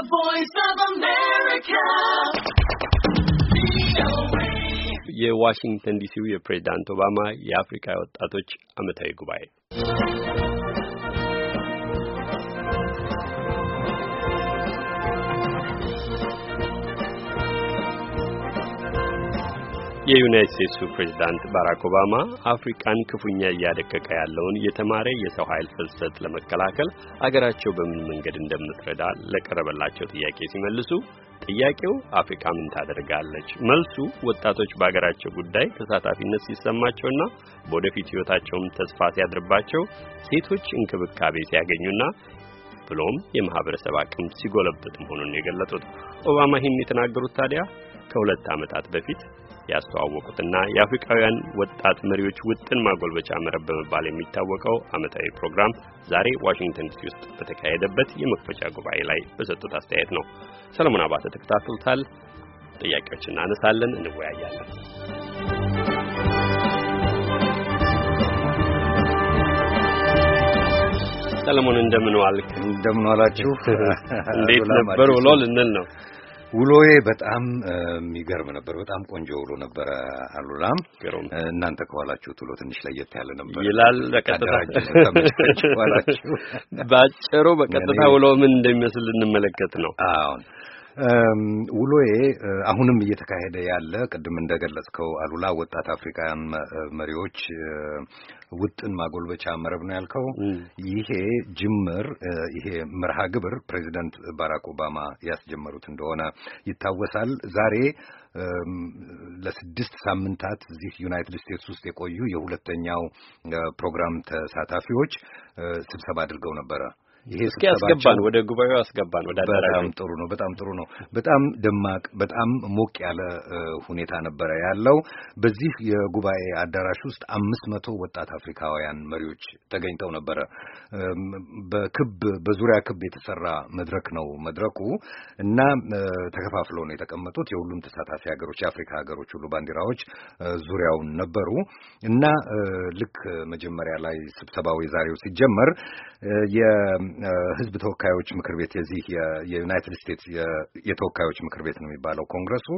The voice of America. የዋሽንግተን ዲሲው የፕሬዝዳንት ኦባማ የአፍሪካ ወጣቶች ዓመታዊ ጉባኤ የዩናይት ስቴትሱ ፕሬዝዳንት ባራክ ኦባማ አፍሪካን ክፉኛ እያደቀቀ ያለውን የተማረ የሰው ኃይል ፍልሰት ለመከላከል አገራቸው በምን መንገድ እንደምትረዳ ለቀረበላቸው ጥያቄ ሲመልሱ ጥያቄው አፍሪካ ምን ታደርጋለች? መልሱ ወጣቶች በአገራቸው ጉዳይ ተሳታፊነት ሲሰማቸውና በወደፊት ሕይወታቸውም ተስፋ ሲያድርባቸው ሴቶች እንክብካቤ ሲያገኙና ብሎም የማህበረሰብ አቅም ሲጎለብት መሆኑን የገለጡት ኦባማ ይህን የተናገሩት ታዲያ ከሁለት ዓመታት በፊት ያስተዋወቁትና የአፍሪካውያን ወጣት መሪዎች ውጥን ማጎልበቻ መረብ በመባል የሚታወቀው ዓመታዊ ፕሮግራም ዛሬ ዋሽንግተን ዲሲ ውስጥ በተካሄደበት የመክፈቻ ጉባኤ ላይ በሰጡት አስተያየት ነው። ሰለሞን አባተ ተከታትሎታል። ጥያቄዎችን እናነሳለን፣ እንወያያለን። ሰለሞን እንደምን ዋልክ? እንደምን ዋላችሁ? እንዴት ነበር ውሎ ልንል ነው ውሎዬ በጣም የሚገርም ነበር። በጣም ቆንጆ ውሎ ነበረ። አሉላ እናንተ ከኋላችሁት ውሎ ትንሽ ለየት ያለ ነበር ይላል። በቀጥታ ባጭሩ በቀጥታ ውሎ ምን እንደሚመስል እንመለከት ነው አሁን ውሎዬ አሁንም እየተካሄደ ያለ ቅድም እንደገለጽከው አሉላ ወጣት አፍሪካውያን መሪዎች ውጥን ማጎልበቻ መረብ ነው ያልከው። ይሄ ጅምር ይሄ መርሃ ግብር ፕሬዚደንት ባራክ ኦባማ ያስጀመሩት እንደሆነ ይታወሳል። ዛሬ ለስድስት ሳምንታት እዚህ ዩናይትድ ስቴትስ ውስጥ የቆዩ የሁለተኛው ፕሮግራም ተሳታፊዎች ስብሰባ አድርገው ነበረ። ይሄ እስኪ አስገባን፣ ወደ ጉባኤው አስገባን። ወደ በጣም ጥሩ ነው፣ በጣም ጥሩ ነው። በጣም ደማቅ፣ በጣም ሞቅ ያለ ሁኔታ ነበረ ያለው። በዚህ የጉባኤ አዳራሽ ውስጥ አምስት መቶ ወጣት አፍሪካውያን መሪዎች ተገኝተው ነበረ። በክብ በዙሪያ ክብ የተሰራ መድረክ ነው መድረኩ እና ተከፋፍለው ነው የተቀመጡት። የሁሉም ተሳታፊ ሀገሮች፣ የአፍሪካ ሀገሮች ሁሉ ባንዲራዎች ዙሪያውን ነበሩ እና ልክ መጀመሪያ ላይ ስብሰባው የዛሬው ሲጀመር ህዝብ ተወካዮች ምክር ቤት የዚህ የዩናይትድ ስቴትስ የተወካዮች ምክር ቤት ነው የሚባለው ኮንግረሱ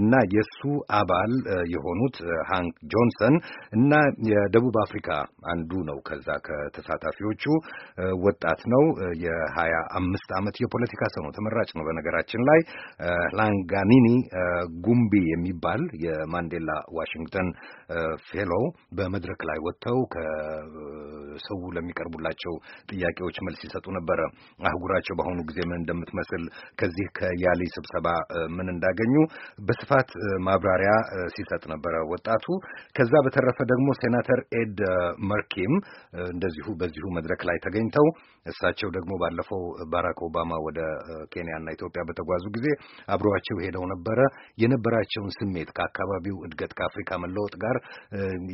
እና የእሱ አባል የሆኑት ሃንክ ጆንሰን እና የደቡብ አፍሪካ አንዱ ነው ከዛ ከተሳታፊዎቹ ወጣት ነው። የሀያ አምስት ዓመት የፖለቲካ ሰው ነው። ተመራጭ ነው። በነገራችን ላይ ላንጋኒኒ ጉምቢ የሚባል የማንዴላ ዋሽንግተን ፌሎ በመድረክ ላይ ወጥተው ከሰው ለሚቀርቡላቸው ጥያቄዎች መልስ ይሰጡ ሲሰጡ ነበረ። አህጉራቸው በአሁኑ ጊዜ ምን እንደምትመስል ከዚህ ከያሌ ስብሰባ ምን እንዳገኙ በስፋት ማብራሪያ ሲሰጥ ነበረ ወጣቱ። ከዛ በተረፈ ደግሞ ሴናተር ኤድ መርኪም እንደዚሁ በዚሁ መድረክ ላይ ተገኝተው እሳቸው ደግሞ ባለፈው ባራክ ኦባማ ወደ ኬንያና ኢትዮጵያ በተጓዙ ጊዜ አብረዋቸው ሄደው ነበረ። የነበራቸውን ስሜት ከአካባቢው እድገት ከአፍሪካ መለወጥ ጋር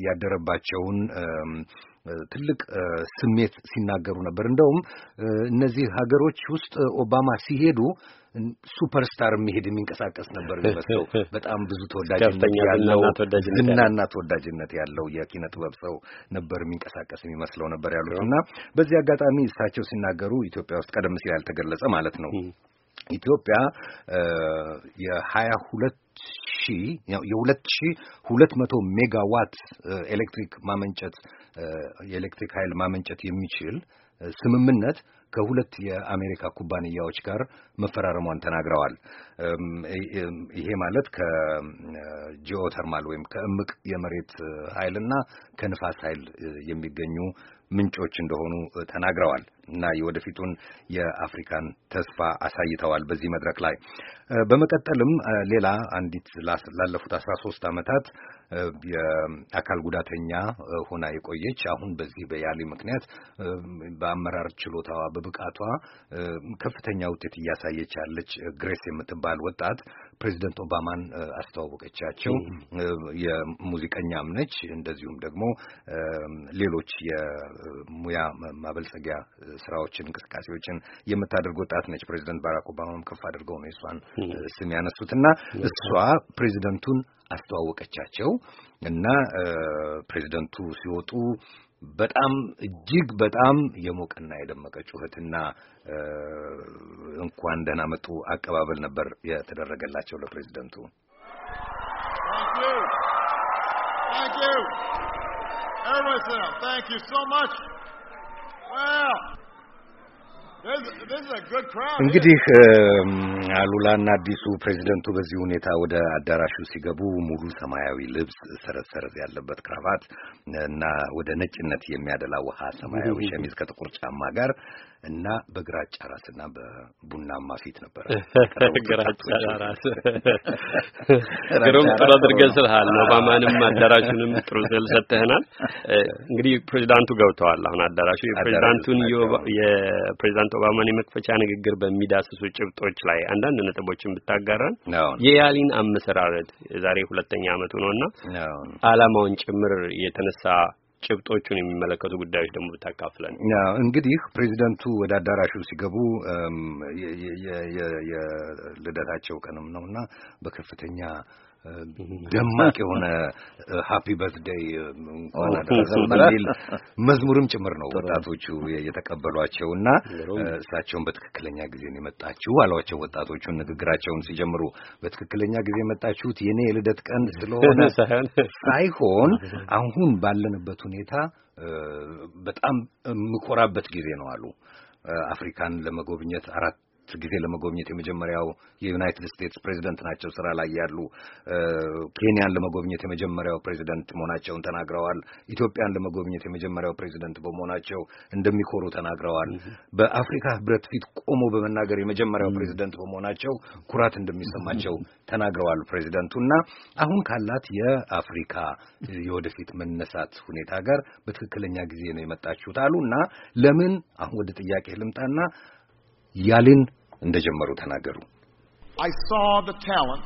ያደረባቸውን ትልቅ ስሜት ሲናገሩ ነበር። እንደውም እነዚህ ሀገሮች ውስጥ ኦባማ ሲሄዱ ሱፐርስታር የሚሄድ የሚንቀሳቀስ ነበር የሚመስለው። በጣም ብዙ ተወዳጅነት ያለው ዝናና ተወዳጅነት ያለው የኪነ ጥበብ ሰው ነበር የሚንቀሳቀስ የሚመስለው ነበር ያሉት እና በዚህ አጋጣሚ እሳቸው ሲናገሩ ኢትዮጵያ ውስጥ ቀደም ሲል ያልተገለጸ ማለት ነው ኢትዮጵያ የሀያ ሁለት ሺ የሁለት ሺ ሁለት መቶ ሜጋዋት ኤሌክትሪክ ማመንጨት የኤሌክትሪክ ኃይል ማመንጨት የሚችል ስምምነት ከሁለት የአሜሪካ ኩባንያዎች ጋር መፈራረሟን ተናግረዋል። ይሄ ማለት ከጂኦተርማል ወይም ከእምቅ የመሬት ኃይልና ከንፋስ ኃይል የሚገኙ ምንጮች እንደሆኑ ተናግረዋል። እና የወደፊቱን የአፍሪካን ተስፋ አሳይተዋል በዚህ መድረክ ላይ። በመቀጠልም ሌላ አንዲት ላለፉት አስራ ሶስት ዓመታት የአካል ጉዳተኛ ሆና የቆየች አሁን በዚህ በያሌ ምክንያት በአመራር ችሎታዋ በብቃቷ ከፍተኛ ውጤት እያሳየች ያለች ግሬስ የምትባል ወጣት ፕሬዚደንት ኦባማን አስተዋወቀቻቸው። የሙዚቀኛም ነች። እንደዚሁም ደግሞ ሌሎች የሙያ ማበልጸጊያ ስራዎችን፣ እንቅስቃሴዎችን የምታደርግ ወጣት ነች። ፕሬዚደንት ባራክ ኦባማም ከፍ አድርገው ነው የእሷን ስም ያነሱት እና እሷ ፕሬዚደንቱን አስተዋወቀቻቸው እና ፕሬዚደንቱ ሲወጡ በጣም እጅግ በጣም የሞቀና የደመቀ ጩኸትና እንኳን ደህና መጡ አቀባበል ነበር የተደረገላቸው ለፕሬዚደንቱ። እንግዲህ አሉላና አዲሱ ፕሬዚደንቱ በዚህ ሁኔታ ወደ አዳራሹ ሲገቡ ሙሉ ሰማያዊ ልብስ፣ ሰረዝ ሰረዝ ያለበት ክራባት እና ወደ ነጭነት የሚያደላ ውሃ ሰማያዊ ሸሚዝ ከጥቁር ጫማ ጋር እና በግራጫ ራስና በቡናማ ፊት ነበር። ግራጫ ራስ ግሩም፣ ጥሩ አድርገህ ስልሃል። ኦባማንም አዳራሹንም ጥሩ ስል ሰጥተህናል። እንግዲህ ፕሬዚዳንቱ ገብተዋል። አሁን አዳራሹ የፕሬዚዳንቱን የፕሬዚዳንት ኦባማን የመክፈቻ ንግግር በሚዳስሱ ጭብጦች ላይ አንዳንድ ነጥቦችን ብታጋራን። የያሊን አመሰራረት የዛሬ ሁለተኛ ዓመቱ ነውና አላማውን ጭምር የተነሳ ጭብጦቹን የሚመለከቱ ጉዳዮች ደግሞ ብታካፍለን። እንግዲህ ፕሬዚደንቱ ወደ አዳራሹ ሲገቡ የልደታቸው ቀንም ነውና በከፍተኛ ደማቅ የሆነ ሃፒ በርትዴይ እንኳን አደረሰን በሚል መዝሙርም ጭምር ነው ወጣቶቹ የተቀበሏቸው እና እሳቸውን በትክክለኛ ጊዜ ነው የመጣችሁ አሏቸው። ወጣቶቹን ንግግራቸውን ሲጀምሩ በትክክለኛ ጊዜ የመጣችሁት የኔ የልደት ቀን ስለሆነ ሳይሆን አሁን ባለንበት ሁኔታ በጣም የምኮራበት ጊዜ ነው አሉ። አፍሪካን ለመጎብኘት አራት ጊዜ ለመጎብኘት የመጀመሪያው የዩናይትድ ስቴትስ ፕሬዚደንት ናቸው ስራ ላይ ያሉ። ኬንያን ለመጎብኘት የመጀመሪያው ፕሬዚደንት መሆናቸውን ተናግረዋል። ኢትዮጵያን ለመጎብኘት የመጀመሪያው ፕሬዚደንት በመሆናቸው እንደሚኮሩ ተናግረዋል። በአፍሪካ ሕብረት ፊት ቆሞ በመናገር የመጀመሪያው ፕሬዚደንት በመሆናቸው ኩራት እንደሚሰማቸው ተናግረዋል ፕሬዚደንቱ እና አሁን ካላት የአፍሪካ የወደፊት መነሳት ሁኔታ ጋር በትክክለኛ ጊዜ ነው የመጣችሁት አሉ እና ለምን አሁን ወደ ጥያቄ ልምጣና ያሌን እንደጀመሩ ተናገሩ። I saw the talent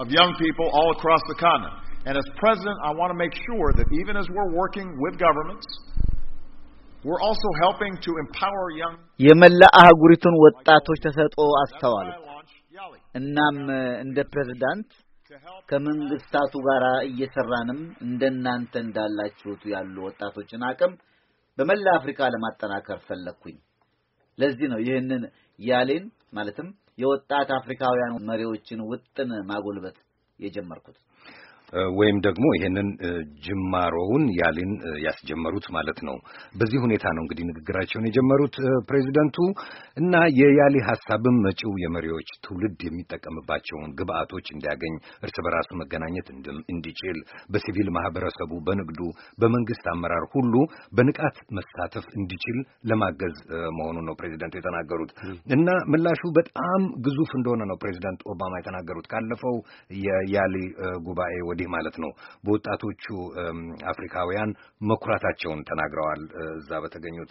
of young people all across the continent. And as president, I want to make sure that even as we're working with governments, we're also helping to empower young የመላ አህጉሪቱን ወጣቶች ተሰጥኦ አስተዋሉ። እናም እንደ ፕሬዝዳንት ከመንግስታቱ ጋር እየሰራንም እንደናንተ እንዳላችሁት ያሉ ወጣቶችን አቅም በመላ አፍሪካ ለማጠናከር ፈለግኩኝ። ለዚህ ነው ይህንን ያሌን ማለትም የወጣት አፍሪካውያን መሪዎችን ውጥን ማጎልበት የጀመርኩት። ወይም ደግሞ ይሄንን ጅማሮውን ያሊን ያስጀመሩት ማለት ነው። በዚህ ሁኔታ ነው እንግዲህ ንግግራቸውን የጀመሩት ፕሬዚደንቱ እና የያሊ ሀሳብም መጪው የመሪዎች ትውልድ የሚጠቀምባቸውን ግብአቶች እንዲያገኝ፣ እርስ በራሱ መገናኘት እንዲችል፣ በሲቪል ማህበረሰቡ፣ በንግዱ፣ በመንግስት አመራር ሁሉ በንቃት መሳተፍ እንዲችል ለማገዝ መሆኑን ነው ፕሬዚደንቱ የተናገሩት እና ምላሹ በጣም ግዙፍ እንደሆነ ነው ፕሬዚደንት ኦባማ የተናገሩት ካለፈው የያሊ ጉባኤ ወዲህ ማለት ነው በወጣቶቹ አፍሪካውያን መኩራታቸውን ተናግረዋል እዛ በተገኙት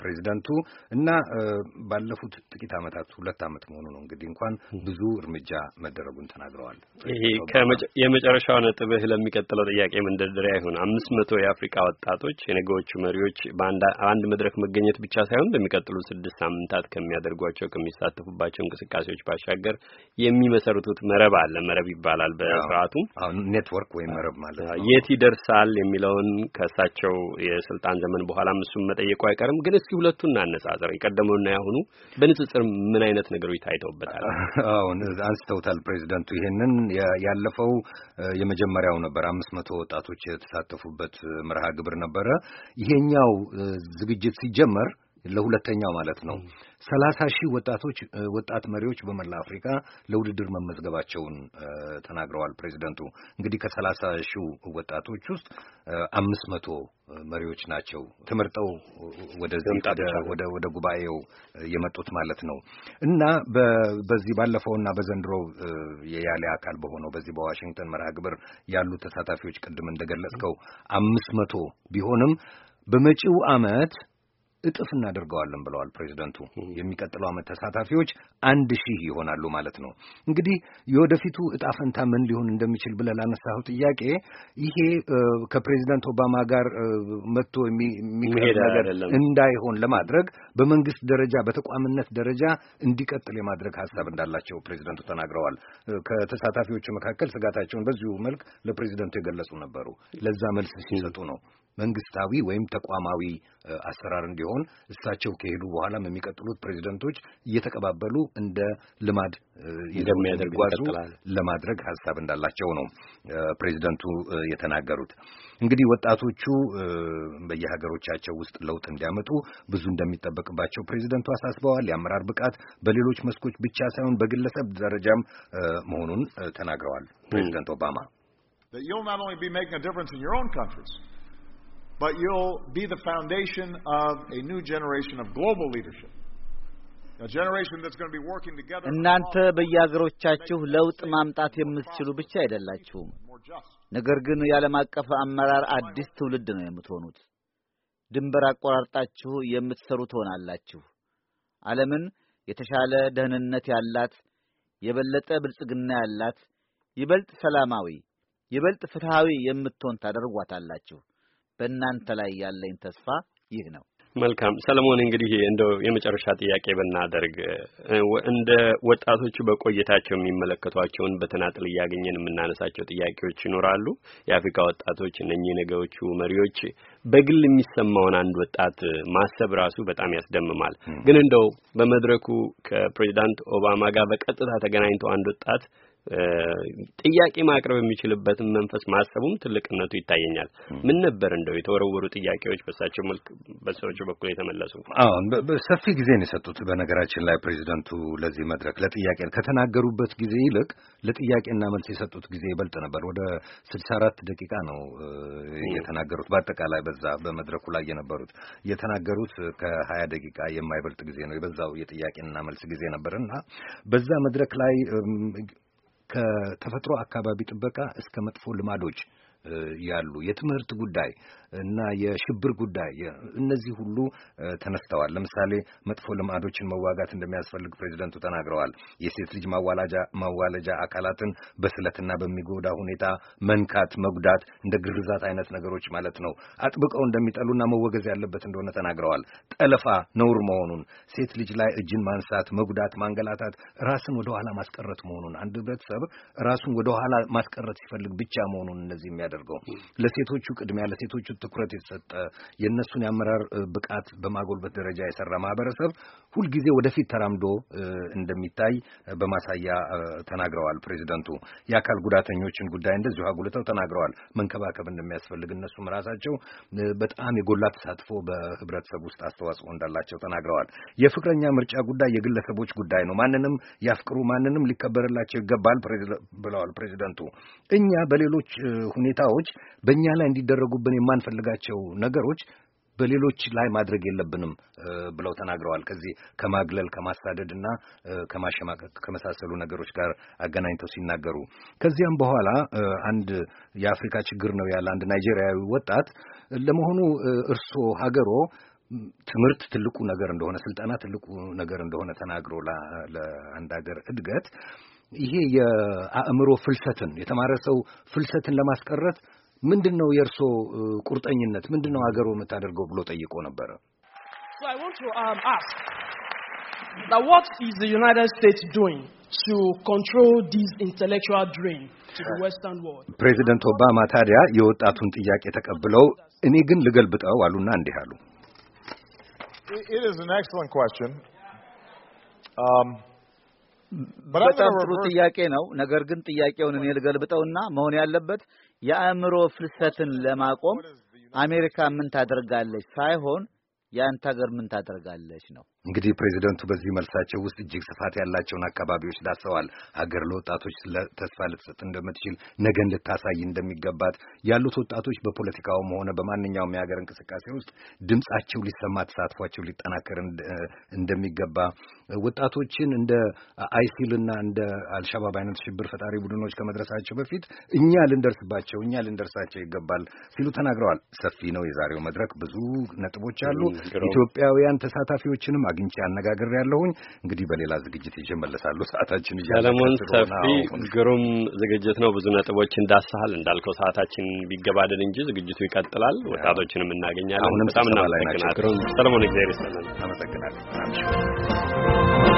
ፕሬዚደንቱ እና ባለፉት ጥቂት ዓመታት ሁለት ዓመት መሆኑ ነው እንግዲህ እንኳን ብዙ እርምጃ መደረጉን ተናግረዋል። ይሄ የመጨረሻው ነጥብህ ለሚቀጥለው ጥያቄ መንደርደሪያ ይሁን። አምስት መቶ የአፍሪካ ወጣቶች የነገዎቹ መሪዎች በአንድ መድረክ መገኘት ብቻ ሳይሆን በሚቀጥሉ ስድስት ሳምንታት ከሚያደርጓቸው ከሚሳተፉባቸው እንቅስቃሴዎች ባሻገር የሚመሰርቱት መረብ አለ። መረብ ይባላል በስርዓቱ ኔትወርክ ወይም መረብ ማለት ነው። የት ይደርሳል የሚለውን ከእሳቸው የስልጣን ዘመን በኋላም እሱን መጠየቁ አይቀርም። ግን እስኪ ሁለቱን እናነጻጽር። የቀደመውና ያሁኑ በንጽጽር ምን አይነት ነገሮች ታይተውበታል? አሁን አንስተውታል ፕሬዚደንቱ ይሄንን። ያለፈው የመጀመሪያው ነበር፣ አምስት መቶ ወጣቶች የተሳተፉበት መርሃ ግብር ነበረ። ይሄኛው ዝግጅት ሲጀመር ለሁለተኛው ማለት ነው ሰላሳ ሺህ ወጣቶች ወጣት መሪዎች በመላ አፍሪካ ለውድድር መመዝገባቸውን ተናግረዋል ፕሬዚደንቱ። እንግዲህ ከሰላሳ ሺህ ወጣቶች ውስጥ አምስት መቶ መሪዎች ናቸው ተመርጠው ወደዚህ ወደ ወደ ጉባኤው የመጡት ማለት ነው እና በዚህ ባለፈውና በዘንድሮ የያሌ አካል በሆነው በዚህ በዋሽንግተን መርሃ ግብር ያሉ ተሳታፊዎች ቅድም እንደገለጽከው አምስት መቶ ቢሆንም በመጪው ዓመት እጥፍ እናደርገዋለን ብለዋል ፕሬዚደንቱ። የሚቀጥለው ዓመት ተሳታፊዎች አንድ ሺህ ይሆናሉ ማለት ነው። እንግዲህ የወደፊቱ እጣ ፈንታ ምን ሊሆን እንደሚችል ብለህ ላነሳኸው ጥያቄ ይሄ ከፕሬዚደንት ኦባማ ጋር መጥቶ የሚሄድ ነገር እንዳይሆን ለማድረግ በመንግስት ደረጃ በተቋምነት ደረጃ እንዲቀጥል የማድረግ ሀሳብ እንዳላቸው ፕሬዚደንቱ ተናግረዋል። ከተሳታፊዎቹ መካከል ስጋታቸውን በዚሁ መልክ ለፕሬዚደንቱ የገለጹ ነበሩ። ለዛ መልስ ሲሰጡ ነው መንግስታዊ ወይም ተቋማዊ አሰራር እንዲሆን እሳቸው ከሄዱ በኋላም የሚቀጥሉት ፕሬዚደንቶች እየተቀባበሉ እንደ ልማድ እንደሚያደርጓዙ ለማድረግ ሀሳብ እንዳላቸው ነው ፕሬዚደንቱ የተናገሩት። እንግዲህ ወጣቶቹ በየሀገሮቻቸው ውስጥ ለውጥ እንዲያመጡ ብዙ እንደሚጠበቅባቸው ፕሬዚደንቱ አሳስበዋል። የአመራር ብቃት በሌሎች መስኮች ብቻ ሳይሆን በግለሰብ ደረጃም መሆኑን ተናግረዋል ፕሬዚደንት ኦባማ but you'll be the foundation of a new generation of global leadership. እናንተ በየሀገሮቻችሁ ለውጥ ማምጣት የምትችሉ ብቻ አይደላችሁም፣ ነገር ግን የዓለም አቀፍ አመራር አዲስ ትውልድ ነው የምትሆኑት። ድንበር አቆራርጣችሁ የምትሰሩ ትሆናላችሁ። ዓለምን የተሻለ ደህንነት ያላት፣ የበለጠ ብልጽግና ያላት፣ ይበልጥ ሰላማዊ፣ ይበልጥ ፍትሃዊ የምትሆን ታደርጓታላችሁ። በእናንተ ላይ ያለኝ ተስፋ ይህ ነው። መልካም ሰለሞን፣ እንግዲህ እንደው የመጨረሻ ጥያቄ ብናደርግ እንደ ወጣቶቹ በቆየታቸው የሚመለከቷቸውን በተናጥል እያገኘን የምናነሳቸው ጥያቄዎች ይኖራሉ። የአፍሪካ ወጣቶች እነኚህ ነገዎቹ መሪዎች በግል የሚሰማውን አንድ ወጣት ማሰብ ራሱ በጣም ያስደምማል። ግን እንደው በመድረኩ ከፕሬዚዳንት ኦባማ ጋር በቀጥታ ተገናኝተው አንድ ወጣት ጥያቄ ማቅረብ የሚችልበትን መንፈስ ማሰቡም ትልቅነቱ ይታየኛል። ምን ነበር እንደው የተወረወሩ ጥያቄዎች በሳቸው መልክ በሰዎች በኩል የተመለሱ? አዎ ሰፊ ጊዜ ነው የሰጡት። በነገራችን ላይ ፕሬዚደንቱ ለዚህ መድረክ ለጥያቄ ከተናገሩበት ጊዜ ይልቅ ለጥያቄና መልስ የሰጡት ጊዜ ይበልጥ ነበር። ወደ ስልሳ አራት ደቂቃ ነው የተናገሩት። በአጠቃላይ በዛ በመድረኩ ላይ የነበሩት የተናገሩት ከሀያ ደቂቃ የማይበልጥ ጊዜ ነው የበዛው የጥያቄና መልስ ጊዜ ነበር እና በዛ መድረክ ላይ ከተፈጥሮ አካባቢ ጥበቃ እስከ መጥፎ ልማዶች ያሉ የትምህርት ጉዳይ እና የሽብር ጉዳይ እነዚህ ሁሉ ተነስተዋል። ለምሳሌ መጥፎ ልማዶችን መዋጋት እንደሚያስፈልግ ፕሬዚደንቱ ተናግረዋል። የሴት ልጅ ማዋላጃ ማዋለጃ አካላትን በስለትና በሚጎዳ ሁኔታ መንካት፣ መጉዳት እንደ ግርዛት አይነት ነገሮች ማለት ነው አጥብቀው እንደሚጠሉና መወገዝ ያለበት እንደሆነ ተናግረዋል። ጠለፋ ነውር መሆኑን፣ ሴት ልጅ ላይ እጅን ማንሳት፣ መጉዳት፣ ማንገላታት ራስን ወደኋላ ማስቀረት መሆኑን አንድ ህብረተሰብ ራሱን ወደኋላ ማስቀረት ሲፈልግ ብቻ መሆኑን እነዚህ የሚያደርገው ለሴቶቹ ቅድሚያ ለሴቶቹ ትኩረት የተሰጠ የእነሱን የአመራር ብቃት በማጎልበት ደረጃ የሰራ ማህበረሰብ ሁልጊዜ ወደፊት ተራምዶ እንደሚታይ በማሳያ ተናግረዋል። ፕሬዚደንቱ የአካል ጉዳተኞችን ጉዳይ እንደዚሁ አጉልተው ተናግረዋል። መንከባከብ እንደሚያስፈልግ እነሱም ራሳቸው በጣም የጎላ ተሳትፎ በህብረተሰብ ውስጥ አስተዋጽኦ እንዳላቸው ተናግረዋል። የፍቅረኛ ምርጫ ጉዳይ የግለሰቦች ጉዳይ ነው። ማንንም ያፍቅሩ፣ ማንንም ሊከበርላቸው ይገባል ብለዋል ፕሬዚደንቱ። እኛ በሌሎች ሁኔታዎች በእኛ ላይ እንዲደረጉብን የማንፈ የምንፈልጋቸው ነገሮች በሌሎች ላይ ማድረግ የለብንም ብለው ተናግረዋል። ከዚህ ከማግለል ከማሳደድ እና ከማሸማቀቅ ከመሳሰሉ ነገሮች ጋር አገናኝተው ሲናገሩ ከዚያም በኋላ አንድ የአፍሪካ ችግር ነው ያለ አንድ ናይጄሪያዊ ወጣት ለመሆኑ እርስዎ ሀገሮ ትምህርት ትልቁ ነገር እንደሆነ ስልጠና ትልቁ ነገር እንደሆነ ተናግሮ ለአንድ ሀገር እድገት ይሄ የአእምሮ ፍልሰትን የተማረ ሰው ፍልሰትን ለማስቀረት ምንድን ነው የእርሶ ቁርጠኝነት? ምንድን ነው ሀገሩ የምታደርገው ብሎ ጠይቆ ነበረ። um, ፕሬዚደንት ኦባማ ታዲያ የወጣቱን ጥያቄ ተቀብለው እኔ ግን ልገልብጠው አሉና እንዲህ አሉ። um, በጣም ጥሩ ጥያቄ ነው። ነገር ግን ጥያቄውን እኔ ልገልብጠውና መሆን ያለበት የአእምሮ ፍልሰትን ለማቆም አሜሪካ ምን ታደርጋለች ሳይሆን የአንተ ሀገር ምን ታደርጋለች ነው። እንግዲህ ፕሬዚደንቱ በዚህ መልሳቸው ውስጥ እጅግ ስፋት ያላቸውን አካባቢዎች ዳሰዋል። ሀገር ለወጣቶች ተስፋ ልትሰጥ እንደምትችል ነገ ልታሳይ እንደሚገባት ያሉት ወጣቶች በፖለቲካውም ሆነ በማንኛውም የሀገር እንቅስቃሴ ውስጥ ድምጻቸው ሊሰማ፣ ተሳትፏቸው ሊጠናከር እንደሚገባ ወጣቶችን እንደ አይሲልና እንደ አልሻባብ አይነት ሽብር ፈጣሪ ቡድኖች ከመድረሳቸው በፊት እኛ ልንደርስባቸው እኛ ልንደርሳቸው ይገባል ሲሉ ተናግረዋል። ሰፊ ነው የዛሬው መድረክ፣ ብዙ ነጥቦች አሉ። ኢትዮጵያውያን ተሳታፊዎችንም አግኝቼ አነጋግር ያለሁኝ። እንግዲህ በሌላ ዝግጅት ይዤ እመለሳለሁ። ሰዓታችን እያለ ሰለሞን፣ ሰፊ ግሩም ዝግጅት ነው። ብዙ ነጥቦች እንዳስሃል እንዳልከው ሰዓታችን ቢገባደድ እንጂ ዝግጅቱ ይቀጥላል። ወጣቶችንም እናገኛለን። በጣም እናመሰግናለን ሰለሞን። እግዚአብሔር ይስጥልን። አመሰግናለሁ።